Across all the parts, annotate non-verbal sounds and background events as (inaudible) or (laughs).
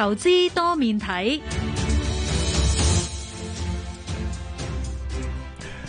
投資多面睇，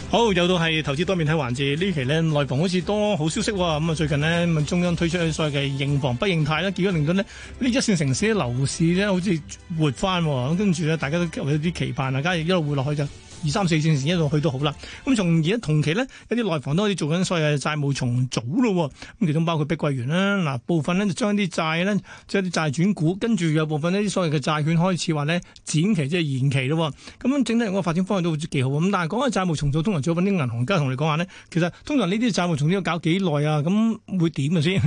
好，又到係投資多面睇環節。呢期咧，內房好似多好消息，咁啊最近咧，中央推出所謂嘅認房不認貸咧，結果令到咧呢一線城市嘅樓市咧，好似活翻咁，跟住咧，大家都有啲期盼啊，家亦一路活落去㗎。二三四正線一路去都好啦。咁從而家同期呢，有啲內房都開始做緊所謂嘅債務重組咯、哦。咁其中包括碧桂園啦、啊，嗱部分呢就將啲債呢，即係啲債轉股，跟住有部分呢啲所謂嘅債券開始話呢展期即係延期咯、哦。咁整體個發展方向都幾好。咁但係講緊債務重組，通常做緊啲銀行家同你講下呢。其實通常呢啲債務重組搞幾耐啊？咁會點嘅、啊、先？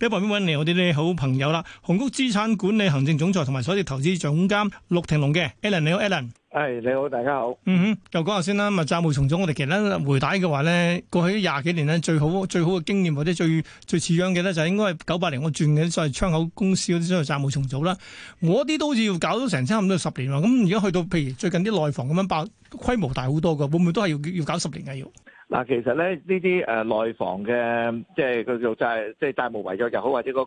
喺旁邊揾嚟我啲好朋友啦，鴻鵠資產管理行政總裁同埋首席投資總監陸庭龍嘅，Alan 你好 Alan 係、hey, 你好，大家好。嗯哼，就講下先啦。咁債務重組，我哋其實回帶嘅話咧，過去廿幾年咧，最好最好嘅經驗或者最最似樣嘅咧，就係、是、應該係九八年我轉嘅，即係窗口公司嗰啲債務重組啦。我啲都好似要搞到成差唔多十年啦。咁而家去到，譬如最近啲內房咁樣爆，爆規模大好多噶，會唔會都係要要搞十年嘅？要嗱，其實咧呢啲誒內房嘅，即係叫做就係即係債務違約又好，或者嗰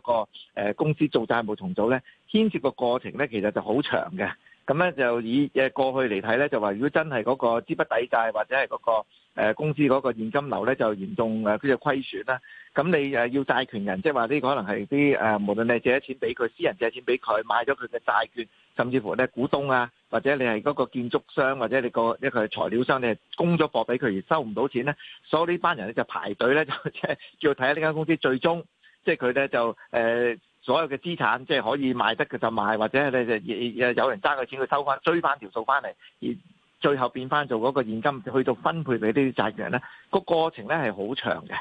個誒公司做債務重組咧，牽涉個過程咧，其實就好長嘅。咁咧就以誒過去嚟睇咧，就話如果真係嗰個資不抵債，或者係嗰個誒公司嗰個現金流咧，就嚴重誒佢就虧損啦。咁你誒要債權人，即係話啲可能係啲誒，無論你係借咗錢俾佢，私人借錢俾佢，買咗佢嘅債券，甚至乎咧股東啊，或者你係嗰個建築商，或者你個一個材料商，你係供咗貨俾佢而收唔到錢咧，所以呢班人咧就排隊咧，就即係要睇下呢間公司最終即係佢咧就所有嘅資產即係可以賣得嘅就賣，或者係你就有人揸嘅錢，去收翻追翻條數翻嚟，而最後變翻做嗰個現金去到分配俾啲債權人咧，個過程咧係好長嘅。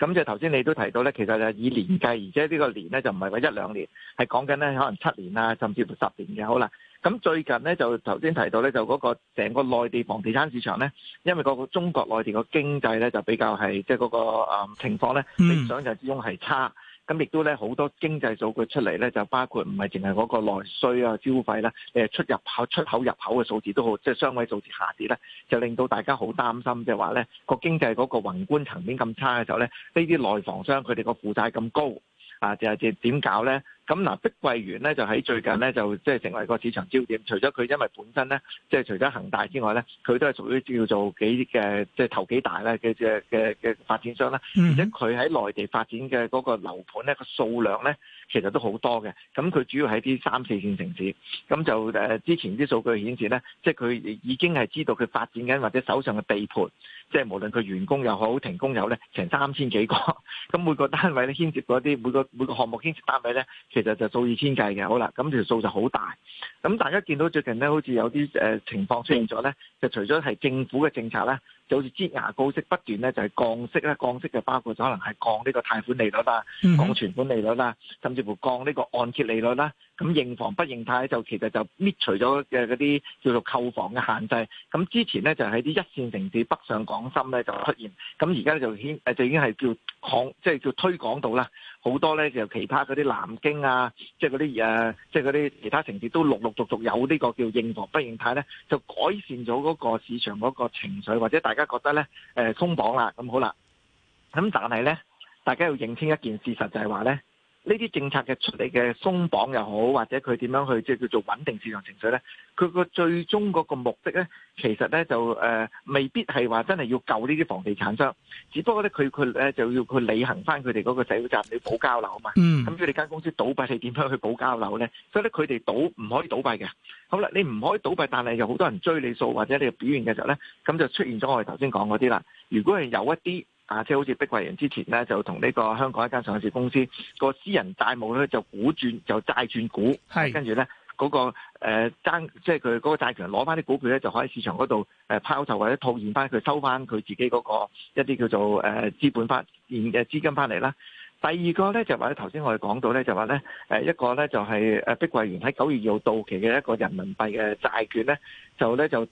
咁就頭先你都提到咧，其實就以年計，而且呢個年咧就唔係話一兩年，係講緊咧可能七年啊，甚至乎十年嘅。好啦，咁最近咧就頭先提到咧就嗰個成個內地房地產市場咧，因為個中國內地個經濟咧就比較係即係嗰個、呃、情況咧，理想就始終係差。咁亦都咧，好多經濟數據出嚟咧，就包括唔係淨係嗰個內需啊、消費啦，誒出入口出口入口嘅數字都好，即係雙位數字下跌咧，就令到大家好擔心，即係話咧個經濟嗰個宏觀層面咁差嘅時候咧，呢啲內房商佢哋個負債咁高啊，就係點搞咧？咁嗱，碧桂園咧就喺最近咧就即係成為個市場焦點。除咗佢因為本身咧，即係除咗恒大之外咧，佢都係屬於叫做幾嘅即係頭幾大咧嘅嘅嘅發展商啦。而且佢喺內地發展嘅嗰個樓盤咧個數量咧，其實都好多嘅。咁佢主要喺啲三四線城市。咁就誒之前啲數據顯示咧，即係佢已經係知道佢發展緊或者手上嘅地盤。即係無論佢員工又好停工又好咧，成三千幾個，咁每個單位咧牽涉到啲每個每個項目牽涉單位咧，其實就數以千計嘅，好啦，咁條數就好大。咁大家見到最近咧，好似有啲誒情況出現咗咧，就除咗係政府嘅政策咧。就好似擠牙膏式不斷咧，就係降息咧，降息就包括咗可能係降呢個貸款利率啦，mm hmm. 降存款利率啦，甚至乎降呢個按揭利率啦。咁認房不認貸就其實就搣除咗嘅嗰啲叫做購房嘅限制。咁之前咧就喺啲一,一線城市北上廣深咧就出現就，咁而家就就已經係叫擴，即、就係、叫推廣到啦。好多咧就其他嗰啲南京啊，即係嗰啲誒，即係嗰啲其他城市都陸陸續續有呢個叫認房不認貸咧，就改善咗嗰個市場嗰個情緒，或者大家覺得咧誒鬆綁啦，咁好啦。咁但係咧，大家要認清一件事實就係話咧。呢啲政策嘅出嚟嘅鬆綁又好，或者佢點樣去即係叫做穩定市場情緒咧？佢個最終嗰個目的咧，其實咧就誒、呃、未必係話真係要救呢啲房地產商，只不過咧佢佢咧就要佢履行翻佢哋嗰個社會責任去保交樓啊嘛。嗯。咁佢哋間公司倒閉你點樣去保交樓咧？所以咧佢哋倒唔可以倒閉嘅。好啦，你唔可以倒閉，但係有好多人追你數或者你表現嘅時候咧，咁就出現咗我哋頭先講嗰啲啦。如果係有一啲。啊，即係好似碧桂園之前咧，就同呢個香港一間上市公司個私人債務咧，就股轉就債轉股，是跟住咧嗰個誒爭，即係佢嗰個債權攞翻啲股票咧，就可以喺市場嗰度誒拋售或者套現翻佢收翻佢自己嗰個一啲叫做誒資本翻現嘅資金翻嚟啦。第二個咧就話咧頭先我哋講到咧就話咧一個咧就係誒碧桂園喺九月二號到期嘅一個人民幣嘅債券咧，就咧就。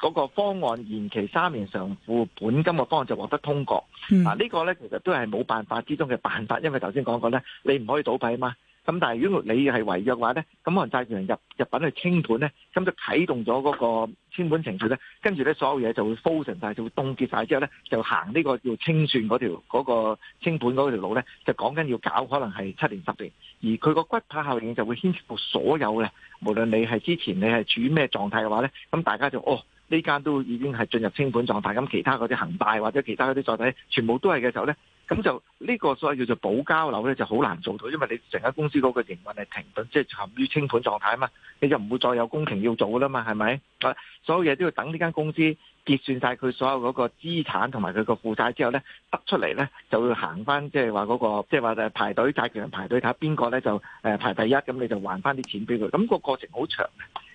嗰個方案延期三年償付本金嘅方案就獲得通過。嗱、嗯啊這個、呢個咧其實都係冇辦法之中嘅辦法，因為頭先講過咧，你唔可以倒閉啊嘛。咁但係如果你係違約嘅話咧，咁可能債權人入入品去清盤咧，咁就啟動咗嗰個清盤程序咧。跟住咧，所有嘢就會 frozen 曬，就會凍結晒之後咧，就行呢個要清算嗰條嗰、那個、清盤嗰條路咧，就講緊要搞可能係七年十年，而佢個骨牌效應就會牽涉到所有嘅，無論你係之前你係處於咩狀態嘅話咧，咁大家就哦。呢間都已經係進入清盤狀態，咁其他嗰啲恒大或者其他嗰啲債體，全部都係嘅時候咧，咁就呢個所謂叫做保交樓咧，就好難做到，因為你成間公司嗰個營運係停頓，即係陷於清盤狀態啊嘛，你就唔會再有工程要做啦嘛，係咪？所有嘢都要等呢間公司結算晒佢所有嗰個資產同埋佢個負債之後咧，得出嚟咧就會行翻，即係話嗰個，即係話誒排隊債權人排隊睇下邊個咧就排第一，咁你就還翻啲錢俾佢，咁個過程好長。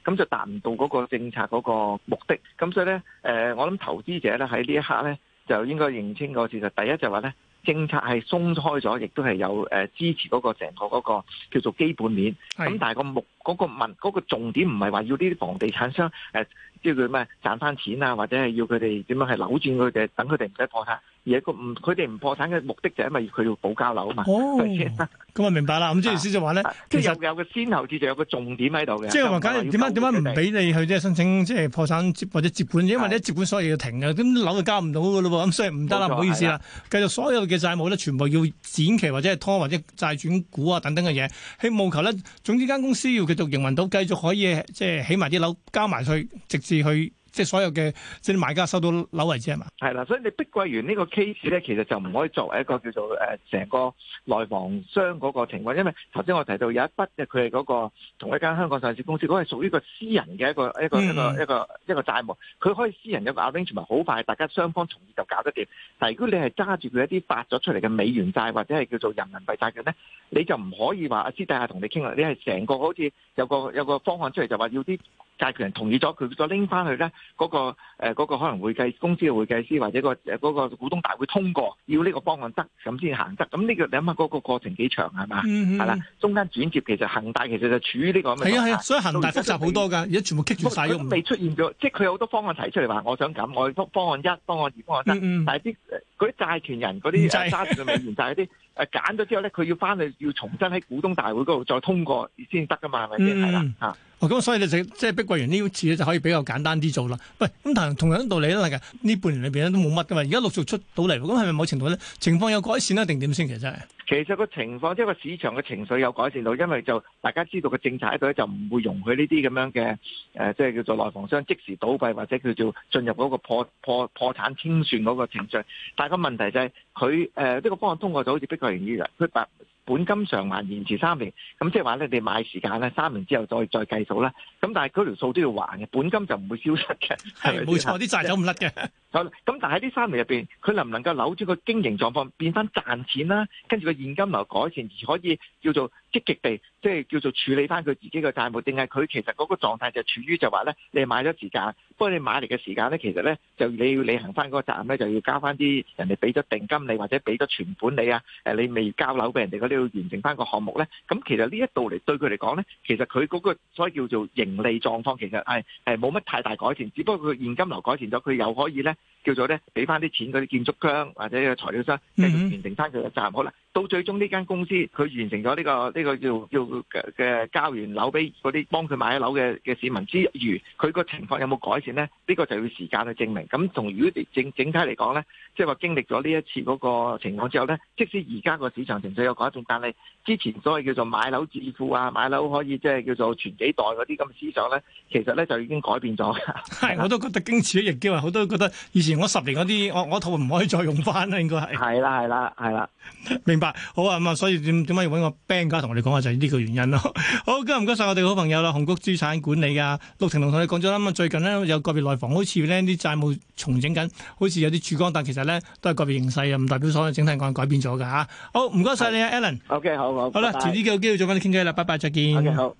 咁就達唔到嗰個政策嗰個目的，咁所以呢，誒、呃，我諗投資者呢喺呢一刻呢，就應該認清個事實。第一就話呢，政策係鬆開咗，亦都係有誒支持嗰個成個嗰個叫做基本面。咁但係個目嗰個文重點唔係話要呢啲房地產商誒，即係佢咩賺翻錢啊，或者係要佢哋點樣係扭轉佢哋，等佢哋唔使破產。而係唔佢哋唔破產嘅目的就係因為佢要保交樓嘛。咁啊、哦、以明白啦。咁即係意思就話咧，即係又有個先後次，就有個重點喺度嘅。即係話點解點解唔俾你去即係申請即係、就是、破產或者接管，因為你接管所有嘢停的啊，咁啲樓就交唔到嘅咯喎。咁所以唔得啦，唔錯好意思啦，的繼續所有嘅債務咧，全部要展期或者係拖或者債轉股啊等等嘅嘢，係務求咧。總之間公司要繼續營運到，繼續可以即係起埋啲樓，交埋去，直至去。即係所有嘅即係啲買家收到樓為止係嘛？係啦，所以你碧桂園呢個 case 咧，其實就唔可以作為一個叫做誒成、呃、個內房商嗰個情況，因為頭先我提到有一筆嘅佢係嗰個同一間香港上市公司，嗰係屬於個私人嘅一個一個一個一個一個,一個債務，佢可以私人嘅阿 arrangement 好快，大家雙方從而就搞得掂。但係如果你係揸住佢一啲發咗出嚟嘅美元債或者係叫做人,人民幣債嘅咧，你就唔可以話阿私底下同你傾啦，你係成個好似有個有個方案出嚟就話要啲。債權人同意咗，佢再拎翻去咧，嗰個誒，個可能會計公司嘅會計師或者個嗰個股東大會通過，要呢個方案得咁先行得。咁呢個你諗下嗰個過程幾長係嘛？係啦，中間轉接其實恒大其實就處於呢個係啊係啊，所以恒大複雜好多噶，而家全部棘住晒未出現咗，即係佢有好多方案提出嚟話，我想咁，我方案一、方案二、方案三，但係啲嗰啲債權人嗰啲揸住嘅美元債就係啲誒揀咗之後咧，佢要翻去要重新喺股東大會嗰度再通過先得噶嘛，係咪先係啦吓？咁所以你就即係碧桂園呢次咧就可以比較簡單啲做啦。喂，咁但同樣道理咧，呢半年裏邊咧都冇乜噶嘛。而家陸續出到嚟，咁係咪某程度咧情況有改善啦定點先？其實其實個情況即係個市場嘅情緒有改善到，因為就大家知道個政策喺度咧，就唔會容許呢啲咁樣嘅、呃、即係叫做內房商即時倒閉或者叫做進入嗰個破破破產清算嗰個程序。但係個問題就係佢、呃、呢個方案通過就好似碧桂園呢樣，佢本金償還延遲三年，咁即係話咧，你買時間咧，三年之後再再計數啦。咁但係嗰條數都要還嘅，本金就唔會消失嘅，係冇錯，啲債走唔甩嘅。好吧，咁、就是、但係呢三年入面，佢能唔能夠扭轉個經營狀況，變翻賺錢啦？跟住個現金流改善，而可以叫做。積極地，即係叫做處理翻佢自己嘅債務，定係佢其實嗰個狀態就處於就話咧，你買咗時間，不過你買嚟嘅時間咧，其實咧就你要履行翻嗰個責任咧，就要交翻啲人哋俾咗定金你或者俾咗全款你啊，誒，你未交樓俾人哋嗰啲要完成翻個項目咧，咁其實呢一度嚟對佢嚟講咧，其實佢嗰個所謂叫做盈利狀況其實係係冇乜太大改善，只不過佢現金流改善咗，佢又可以咧。叫做咧，俾翻啲錢嗰啲建築商或者個材料商，繼續完成翻佢嘅站。好啦，到最終呢間公司，佢完成咗呢、這個呢、這個叫叫嘅嘅交完樓俾嗰啲幫佢買咗樓嘅嘅市民之餘，佢個情況有冇改善咧？呢、這個就要時間去證明。咁同如果整整體嚟講咧，即係話經歷咗呢一次嗰個情況之後咧，即使而家個市場情緒有改變，但係之前所謂叫做買樓致富啊、買樓可以即係叫做傳幾代嗰啲咁嘅思想咧，其實咧就已經改變咗。係，我都覺得經此一役之後，我都覺得以前。用咗十年嗰啲，我我套唔可以再用翻啦，應該係。係啦，係啦，係啦， (laughs) 明白。好啊，咁啊，所以點點解要揾個 band 噶？同我哋講下就係、是、呢個原因咯。 (laughs) 好，今日唔該晒我哋好朋友啦，鴻鵠資產管理噶陸庭龍同你講咗啦。咁啊，最近呢，有個別內房，好似呢啲債務重整緊，好似有啲曙光，但其實呢，都係個別形勢啊，唔代表所有整體個案改變咗噶吓。好，唔該晒你啊的，Alan。O、okay, K，好好好啦，遲啲有機會再跟你傾偈啦，拜拜，再見。Okay, 好。